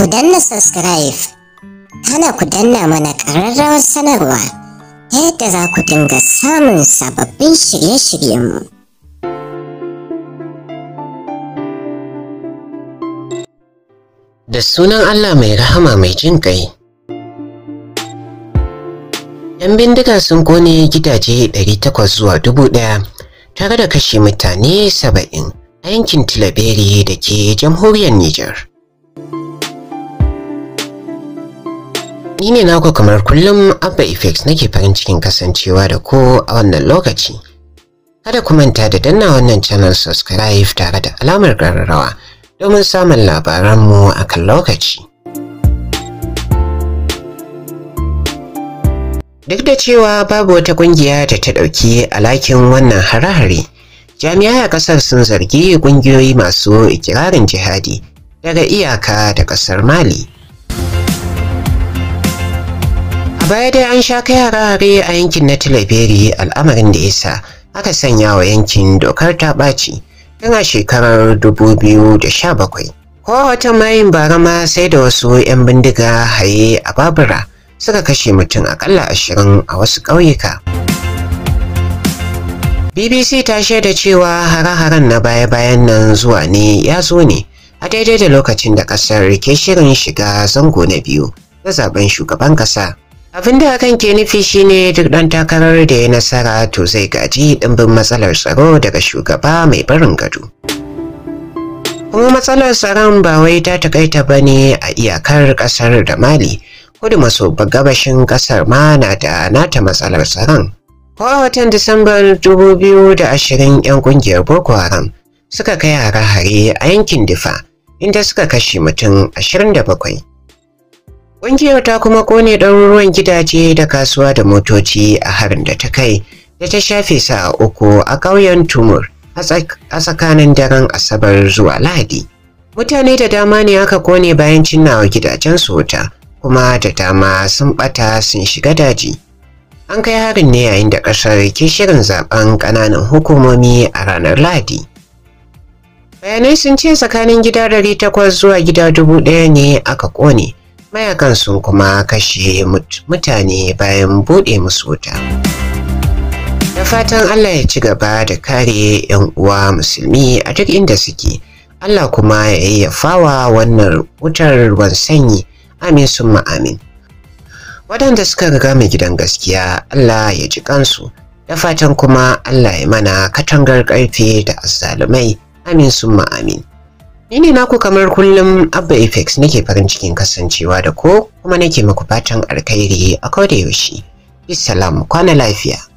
ku danna subscribe hana ku danna mana ƙararrawar sanarwa yadda za ku dinga samun sababbin shirye-shiryenmu. Da sunan Allah mai rahama mai jin kai. ‘Yan bindiga sun kone gidaje 800 zuwa 1000 tare da kashe mutane 70 a yankin Tilaberi da ke jamhuriyar Nijar. Ni ne naku kamar kullum Abba Effects nake farin cikin kasancewa da ku a wannan lokaci. Kada ku manta da danna wannan channel subscribe tare da alamar ƙararrawa domin samun labaranmu a kan lokaci. Duk da cewa babu wata ƙungiya da ta ɗauki alakin wannan hare-hare, jami'ai a ƙasar sun zargi ƙungiyoyi masu ikirarin jihadi daga iyaka da ƙasar Mali. baya dai an sha kai harare a yankin na tilaberi al'amarin da yasa aka sanya wa yankin dokar ta ɓaci tana shekarar 2017 ko wata mayin barama sai da wasu 'yan bindiga haye a babura suka kashe mutum akalla ashirin a wasu ƙauyuka bbc ta shaida cewa hare-haren na baya-bayan nan zuwa ne ya zo ne a daidai da lokacin da ƙasar ke shirin shiga zango na biyu na zaben shugaban ƙasa abin da hakan ke nufi shine duk ɗan takarar da ya nasara to zai gaji ɗimbin matsalar tsaro daga shugaba mai barin gado kuma matsalar tsaron ba wai ta takaita ba ne a iyakar ƙasar da mali kudu maso gabashin ƙasar ma na da nata matsalar tsaron ko a watan disambar 2020 'yan ƙungiyar boko haram suka kai hare-hare a yankin difa inda suka kashe mutum 27 Ƙungiyar ta kuma kone ɗaruruwan gidaje da kasuwa da motoci a harin da ta kai da ta shafe sa uku a ƙauyen Tumur a tsakanin daren Asabar zuwa Lahadi. Mutane da dama ne aka kone bayan cinnawa gidajen su wuta, kuma da dama sun ɓata sun shiga daji. An kai harin ne yayin da ƙasar ke shirin zaben ƙananan hukumomi a ranar Lahadi. Bayanai sun ce tsakanin gida 800 zuwa gida 1000 ne aka kone. mayakan sun kuma kashe mutane bayan bude musu wuta. Da fatan Allah ya ci gaba da kare 'yan uwa musulmi a duk inda suke. Allah kuma ya yayyafawa wannan wutar ruwan sanyi. Amin summa amin. Waɗanda suka riga mai gidan gaskiya Allah ya ji kansu. Da fatan kuma Allah ya mana katangar ƙarfe da azzalumai. Amin summa amin. Ni ne naku kamar kullum Abba nake farin cikin kasancewa da ko kuma nake muku fatan alkhairi a koda yaushe. kwana lafiya.